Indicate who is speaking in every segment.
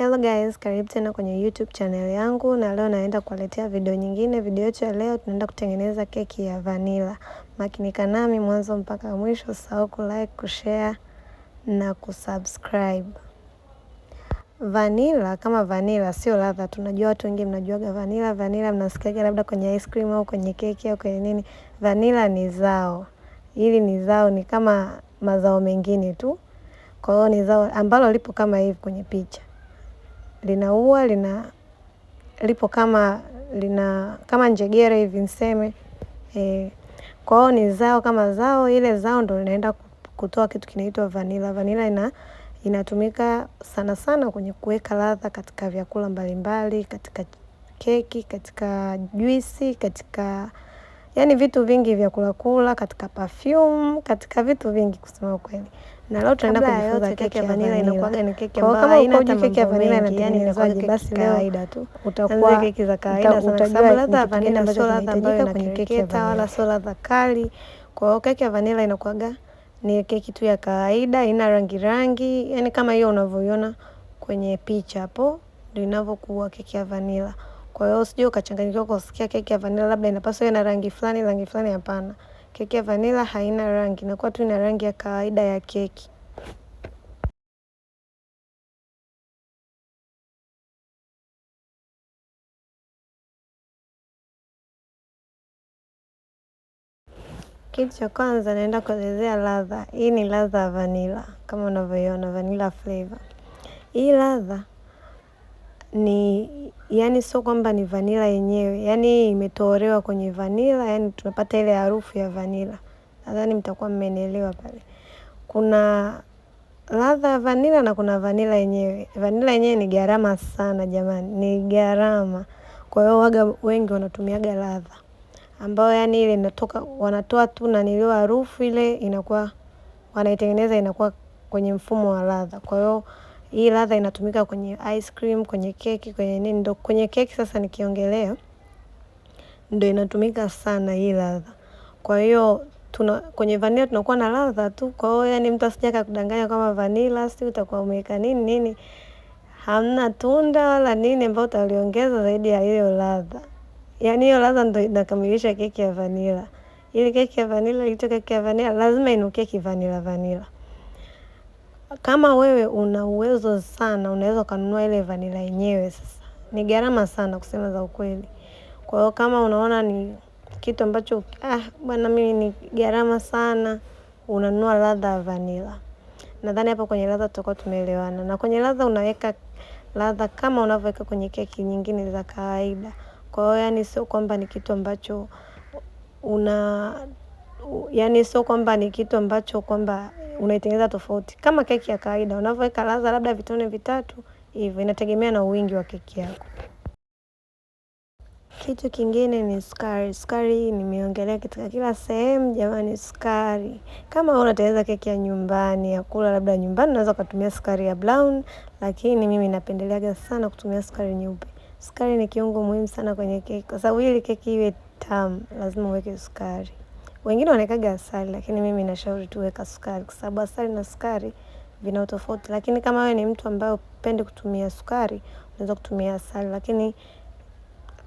Speaker 1: Hello guys, karibu tena kwenye YouTube channel yangu na leo naenda kuwaletea video nyingine. Video yetu ya leo tunaenda kutengeneza keki ya vanilla. Makinika nami mwanzo mpaka mwisho, usahau ku kulike, kushare na kusubscribe. Vanilla kama vanilla sio ladha, tunajua watu wengi mnajuaga vanilla, vanilla mnasikiaga labda kwenye ice cream au kwenye keki au kwenye nini. Vanilla ni zao. Hili ni zao, ni kama mazao mengine tu. Kwa hiyo ni zao ambalo lipo kama hivi kwenye picha linaua lina lipo kama lina kama njegere hivi niseme e. Kwa hiyo ni zao kama zao, ile zao ndo linaenda kutoa kitu kinaitwa vanila. Vanila ina inatumika sana sana kwenye kuweka ladha katika vyakula mbalimbali, katika keki, katika juisi, katika yaani vitu vingi vya kulakula, katika perfume, katika vitu vingi kusema kweli. Na leo tunaenda kujifunza keki ya vanila. inakuwa ni keki ambayo kama haina hata keki ya vanila na yani inatengenezwaje, basi leo kawaida tu utakuwa keki za kawaida sana, kwa sababu ladha ya vanila sio ladha ambayo inakereketa wala sio ladha kali. Kwa hiyo keki ya vanilla inakuwaga ni keki tu ya kawaida, ina rangi rangi, yani kama hiyo unavyoiona kwenye picha hapo, ndio inavyokuwa keki ya vanilla. Kwa hiyo usije ukachanganyikiwa kwa kusikia keki ya vanila labda inapaswa iwe na rangi fulani, rangi fulani. Hapana, keki ya vanila haina rangi, inakuwa tu ina rangi ya kawaida ya keki. Kitu cha kwanza naenda kuelezea ladha. Hii ni ladha ya vanila kama unavyoiona vanilla flavor. Hii ladha ni yani sio kwamba ni vanila yenyewe, yani imetolewa kwenye vanila, yani tunapata ile harufu ya vanila. Nadhani mtakuwa mmenielewa pale. Kuna ladha ya vanila na kuna vanila yenyewe. Vanila yenyewe ni gharama sana jamani, ni gharama. Kwa hiyo waga wengi wanatumiaga ladha ambayo yani ile inatoka, wanatoa tu na nilio harufu ile inakuwa wanaitengeneza inakuwa kwenye mfumo wa ladha kwa hiyo hii ladha inatumika kwenye ice cream, kwenye keki, kwenye nini. Ndo kwenye keki sasa nikiongelea, ndo inatumika sana hii ladha. Kwa hiyo tuna kwenye vanilla tunakuwa na ladha tu. Kwa hiyo yani mtu asija akakudanganya kama vanilla si utakuwa umeweka nini nini, hamna tunda wala nini ambayo utaliongeza zaidi ya hiyo ladha. Yani hiyo ladha ndo inakamilisha keki ya vanilla. Ili keki ya vanilla ile keki ya vanilla, lazima inukie vanilla, vanilla. Kama wewe una uwezo sana, unaweza ukanunua ile vanila yenyewe. Sasa ni gharama sana kusema za ukweli. Kwa hiyo kama unaona ni kitu ambacho ah, bwana mimi ni gharama sana, unanunua ladha ya vanila. Nadhani hapo kwenye ladha tutakuwa tumeelewana, na kwenye ladha unaweka ladha kama unavyoweka kwenye keki nyingine za kawaida. Kwa hiyo yani sio kwamba ni kitu ambacho una, yani sio kwamba ni kitu ambacho kwamba unaitengeneza tofauti, kama keki ya kawaida unavyoweka ladha, labda vitone vitatu hivyo, inategemea na uwingi wa keki yako. Kitu kingine ni sukari. Sukari hii nimeongelea katika kila sehemu jamani. Sukari kama unatengeneza keki ya nyumbani ya kula labda nyumbani, unaweza ukatumia sukari ya brown, lakini mimi napendeleaga sana kutumia sukari nyeupe. Sukari ni kiungo muhimu sana kwenye keki, kwa sababu ili keki iwe tamu lazima uweke sukari. Wengine wanawekaga asali, lakini mimi nashauri tu weka sukari, kwa sababu asali na sukari vina utofauti. Lakini kama wewe ni mtu ambaye upende kutumia sukari, unaweza kutumia asali, lakini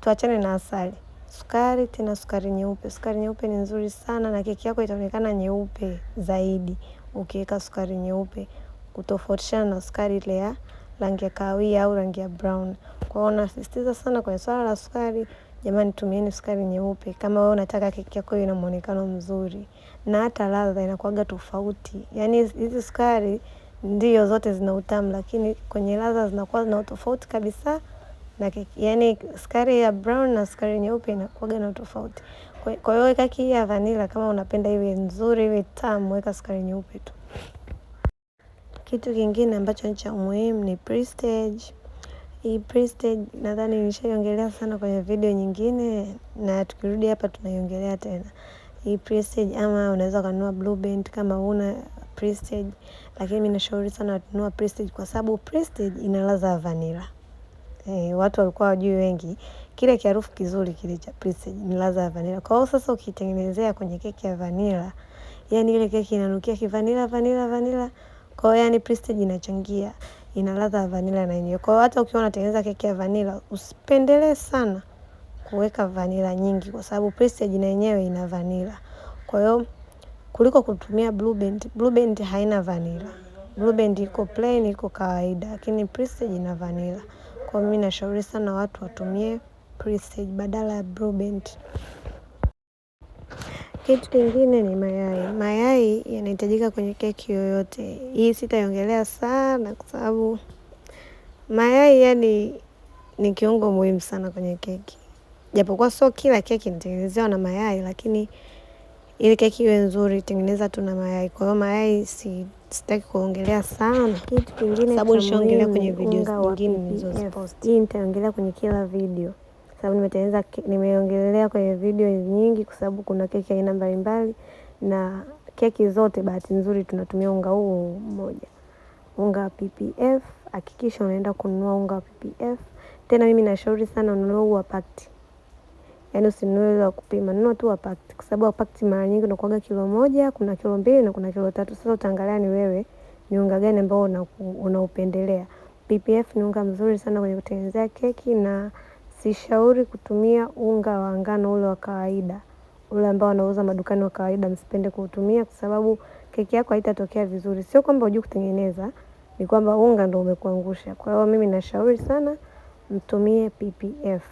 Speaker 1: tuachane na asali. Sukari tena sukari nyeupe. Sukari nyeupe ni nzuri sana na keki yako itaonekana nyeupe zaidi ukiweka sukari nyeupe, kutofautishana na sukari ile ya rangi ya kahawia au rangi ya brown. Kwa hiyo nasisitiza sana kwenye swala la sukari. Jamani, tumieni sukari nyeupe kama wewe unataka keki yako na muonekano mzuri na hata ladha inakuwaga tofauti. Yaani hizi sukari ndio zote zina utamu, lakini kwenye ladha zinakuwa zina tofauti kabisa na keki. Yaani sukari ya brown na sukari nyeupe inakuwaga na tofauti Kwa hiyo weka keki ya vanilla kama unapenda iwe nzuri, iwe tamu, weka sukari nyeupe tu. Kitu kingine ambacho ni cha muhimu ni prestige. Hii Prestige nadhani nishaiongelea sana kwenye video nyingine, na tukirudi hapa tunaiongelea tena hii Prestige. Ama unaweza ukanunua Blue Band kama una Prestige, lakini mimi nashauri sana watunua Prestige kwa sababu Prestige ina ladha ya vanilla. E, watu walikuwa wajui wengi kile kiarufu kizuri kile cha Prestige ni ladha ya vanilla. Kwa hiyo sasa ukitengenezea kwenye keki ya vanilla, yani ile keki inanukia kivanilla vanilla vanilla. Kwa hiyo yani Prestige inachangia ina ladha ya vanila na yenyewe. Kwa hiyo hata ukiwa unatengeneza keki ya vanila usipendelee sana kuweka vanila nyingi, kwa sababu Prestige na yenyewe ina vanila. Kwa hiyo kuliko kutumia Blue Band. Blue Band haina vanila. Blue Band iko plain, iko kawaida, lakini Prestige ina vanila. Kwa hiyo mimi nashauri sana watu watumie Prestige badala ya Blue Band. Kitu kingine ni mayai. Mayai yanahitajika kwenye keki yoyote. Hii sitaiongelea sana kwa sababu mayai yani ni kiungo muhimu sana kwenye keki, japokuwa sio kila keki inatengenezewa na mayai, lakini ili keki iwe nzuri tengeneza tu na mayai. Kwa hiyo mayai si sitaki kuongelea sana. Kitu kingine sababu nishaongelea kwenye video nyingine nilizoziposti. Hii nitaongelea kwenye kila video sababu nimetengeneza, nimeongelea kwenye video nyingi, kwa sababu kuna keki aina mbalimbali na keki zote, bahati nzuri tunatumia unga huu mmoja, unga wa PPF. Hakikisha unaenda kununua unga wa PPF. Tena mimi nashauri sana ununue huu wa pakti, yaani usinunue ule wa kupima, nunua tu wa pakti, kwa sababu wa pakti mara nyingi unakuwaga kilo moja, kuna kilo mbili na kuna kilo tatu. Sasa utaangalia ni wewe ni unga gani ambao unaupendelea. PPF ni unga mzuri sana kwenye kutengenezea keki na Sishauri kutumia unga wa ngano ule wa kawaida, ule ambao wanauza madukani wa kawaida msipende kuutumia kwa sababu keki yako haitatokea vizuri. Sio kwamba hujui kutengeneza, ni kwamba unga ndo umekuangusha. Kwa hiyo mimi nashauri sana mtumie PPF.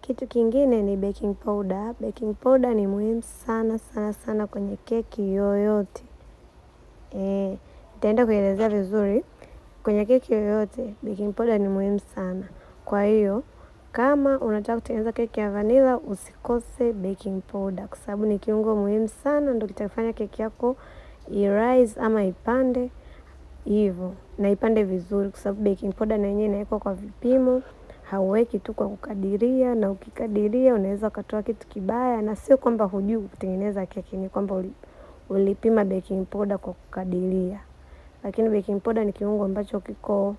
Speaker 1: Kitu kingine ni baking powder. Baking powder ni muhimu sana sana sana kwenye keki yoyote eh, nitaenda kuelezea vizuri. Kwenye keki yoyote baking powder ni muhimu sana, kwa hiyo kama unataka kutengeneza keki ya vanilla usikose baking powder, kwa sababu ni kiungo muhimu sana, ndio kitafanya keki yako irise ama ipande hivyo na ipande vizuri, kwa sababu baking powder na yenyewe inawekwa kwa vipimo, hauweki tu kwa kukadiria, na ukikadiria unaweza ukatoa kitu kibaya, na sio kwamba hujui kutengeneza keki, ni kwamba ulipima baking powder kwa kukadiria, lakini baking powder ni kiungo ambacho kiko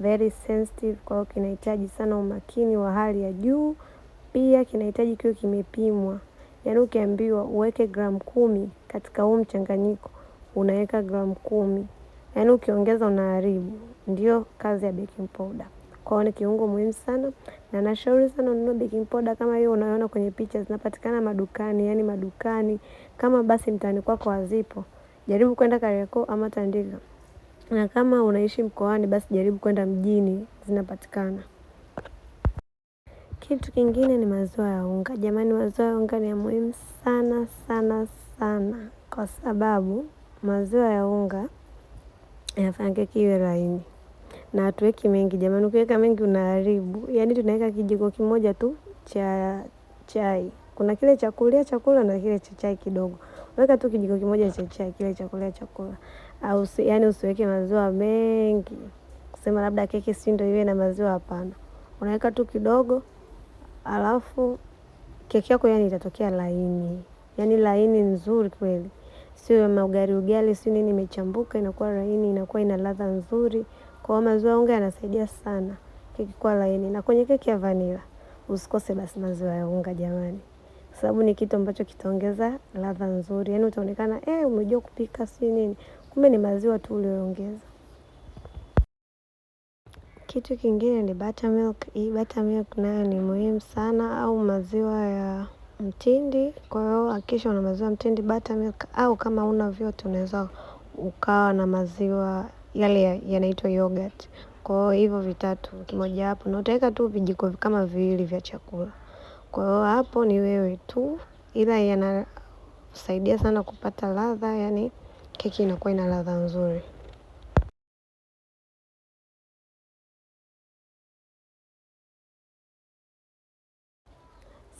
Speaker 1: very sensitive, kwa hiyo kinahitaji sana umakini wa hali ya juu. Pia kinahitaji kiwe kimepimwa, yaani ukiambiwa uweke gramu kumi katika huu mchanganyiko unaweka gramu kumi, yaani ukiongeza unaharibu. Ndiyo kazi ya baking powder kwao ni kiungo muhimu sana, na nashauri sana ununue baking powder kama hiyo unayoona kwenye picha, zinapatikana madukani, yani madukani. Kama basi mtaani kwako hazipo, jaribu kwenda Kariakoo ama Tandika, na kama unaishi mkoani, basi jaribu kwenda mjini, zinapatikana. Kitu kingine ni maziwa ya unga. Jamani, maziwa ya unga ni ya muhimu sana sana sana, kwa sababu maziwa ya unga yanafanya keki iwe laini na hatuweki mengi jamani, ukiweka mengi unaharibu. Yaani tunaweka kijiko kimoja tu cha chai, kuna kile cha kulia chakula na kile cha chai kidogo. Weka tu kijiko kimoja cha chai, kile cha kulia chakula. Au usi, yani usiweke maziwa mengi, kusema labda keki si ndio iwe na maziwa, hapana. Unaweka tu kidogo, alafu keki yako yani itatokea laini, yani laini nzuri kweli, sio maugari ugali si nini imechambuka, inakuwa laini, inakuwa ina ladha nzuri. Kwa hiyo maziwa ya unga yanasaidia sana keki kuwa laini, na kwenye keki ya vanila usikose basi maziwa ya unga jamani, kwa sababu ni kitu ambacho kitaongeza ladha nzuri, yaani utaonekana eh, umejua kupika si nini, kumbe ni maziwa tu uliyoongeza. Kitu kingine ni buttermilk. Hii buttermilk nayo ni muhimu sana, au maziwa ya mtindi. Kwa hiyo hakikisha una maziwa mtindi, buttermilk, au kama una vyote unaweza ukawa na maziwa yale yanaitwa yogurt. Kwa hiyo hivyo vitatu kimoja hapo na utaweka tu vijiko kama viwili vya chakula. Kwa hiyo hapo ni wewe tu, ila yanasaidia sana kupata ladha, yani keki inakuwa ina ladha nzuri.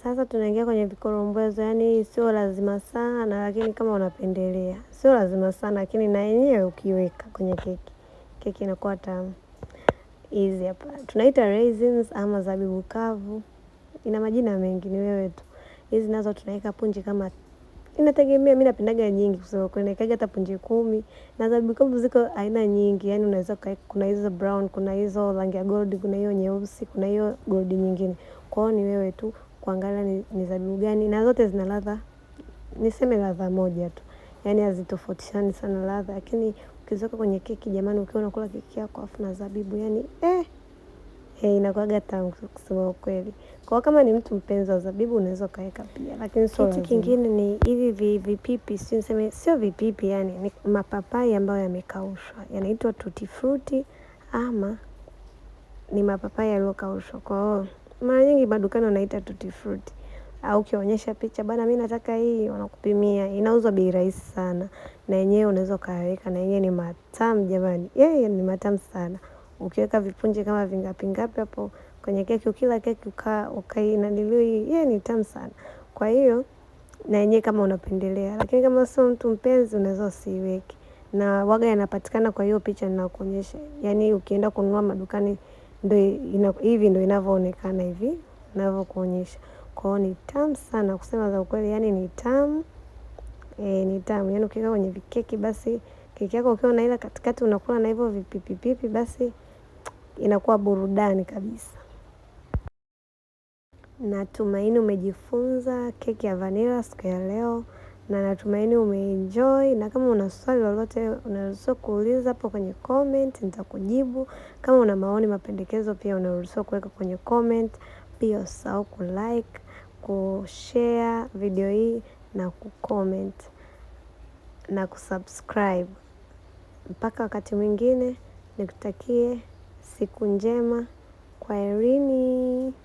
Speaker 1: Sasa tunaingia kwenye vikorombwezo, yaani sio lazima sana, lakini kama unapendelea sio lazima sana, lakini na yenyewe ukiweka kwenye keki, keki inakuwa tamu. Hizi hapa tunaita raisins ama zabibu kavu, ina majina mengi, ni wewe tu. Hizi nazo tunaweka punje kama inategemea, mimi napendaga nyingi kusema kweli, naekaga hata punje kumi. Na zabibu kavu ziko aina nyingi, yani unaweza kuna hizo brown, kuna hizo rangi ya gold, kuna hiyo nyeusi, kuna hiyo gold nyingine, kwao ni wewe tu kuangalia ni, ni zabibu gani, na zote zina ladha, niseme ladha moja tu, yani hazitofautishani sana ladha, lakini ukizoka kwenye keki jamani, ukiwa unakula keki yako afu na zabibu yani, eh, eh inakuwaga tamu kusema ukweli. Kwa kama ni mtu mpenzi wa zabibu unaweza ukaweka pia, lakini sio kitu kingine. Ni hivi vipipi, sio niseme, sio vipipi yani, ni mapapai ambayo yamekaushwa, yanaitwa tutti frutti ama ni mapapai yaliyokaushwa. Kwa hiyo mara nyingi madukani wanaita tutti frutti au ukionyesha picha bana, mimi nataka hii, wanakupimia. Inauzwa bei rahisi sana, na yenyewe unaweza ukayaweka, na yenyewe ni matamu jamani, yeye ni matamu sana. Ukiweka vipunje kama vingapi ngapi hapo kwenye keki, ukila keki uka ukai na nilio hii, yeye ni tamu sana. Kwa hiyo na yenyewe kama unapendelea, lakini kama sio mtu mpenzi, unaweza usiiweke, na waga yanapatikana kwa hiyo picha ninakuonyesha, yaani ukienda kununua madukani ndo ina, hivi ndo inavyoonekana hivi navyokuonyesha. Kwa hiyo ni tamu sana kusema za ukweli, yani ni tamu e, ni tamu yani ukiweka kwenye vikeki basi keki yako ukiwa naila katikati unakula na hivyo vipipipipi basi inakuwa burudani kabisa. Natumaini umejifunza keki ya vanilla siku ya leo na natumaini umeenjoy, na kama una swali lolote unaruhusiwa kuuliza hapo kwenye comment, nitakujibu. Kama una maoni, mapendekezo pia unaruhusiwa kuweka kwenye comment. Pia usisahau kulike, kushare video hii na kucomment na kusubscribe. Mpaka wakati mwingine, nikutakie siku njema. Kwaherini.